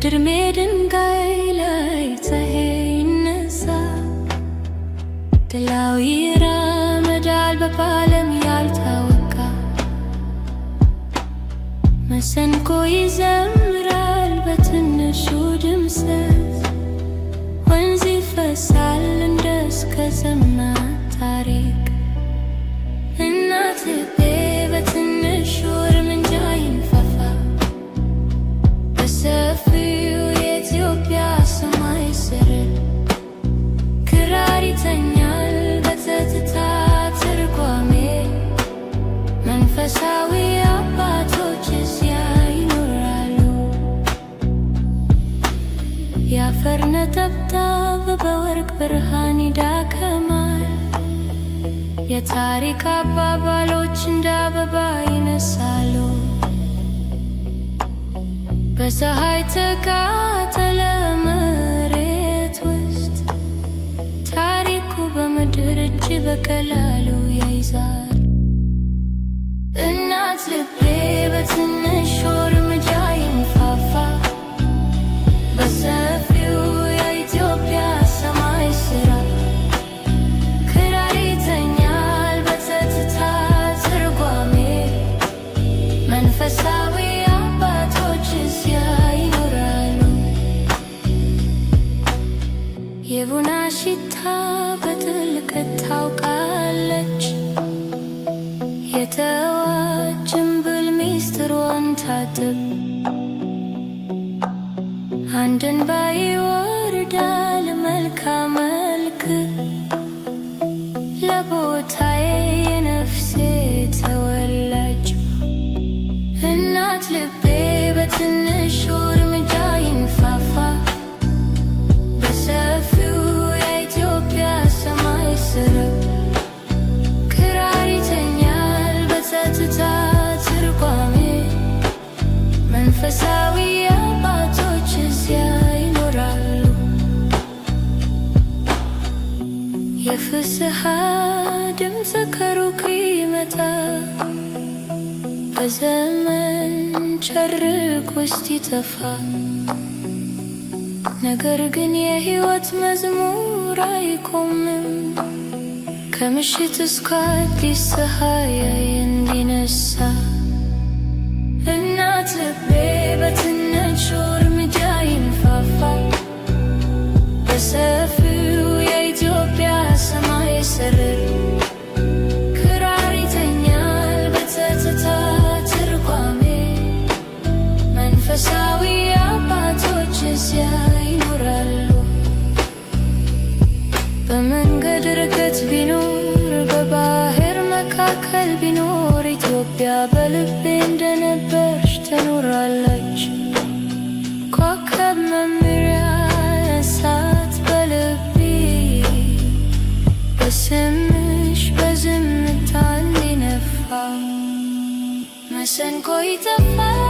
በድርሜ ድንጋይ ላይ ፀሐይ ይነሳ ጥላው ይራመዳል በዓለም ያልታወቃ መሰንቆ ይዘምራል በትንሹ ድምሰት ወንዝ ይፈሳል እንደስከ ዘመን በወርቅ ብርሃን ይዳከማል። የታሪክ አባባሎች እንደ አበባ ይነሳሉ። በፀሐይ ተቃጠለ መሬት ውስጥ ታሪኩ በምድር እጅ በቀላሉ ይይዛል። እናት ልቤ በትነ የቡና ሽታ በጥልቀት ታውቃለች። የተዋት ጭንብል ሚስጥሯን ታጥብ አንድን ባይ መልካ መልክ ለቦታዬ የነፍሴ ተወላጅ እናት ልቤ በትንሹ መንፈሳዊ አባቶች እዚያ ይኖራሉ። የፍስሐ ድምፅ ከሩቅ ይመጣል፣ በዘመን ጨርቅ ውስጥ ይጠፋል። ነገር ግን የህይወት መዝሙር አይቆምም፣ ከምሽት እስከ አዲስ ፀሐይ እንዲነሳ ሰፊው የኢትዮጵያ ሰማይ መንፈሳዊ አባቶች ይኖራሉ። በመንገድ ቢኖር በባህር መካከል ቢኖር ኢትዮጵያ በልቤ እንደነ Verilmiş bezimli tal nefam Mesen koy tefam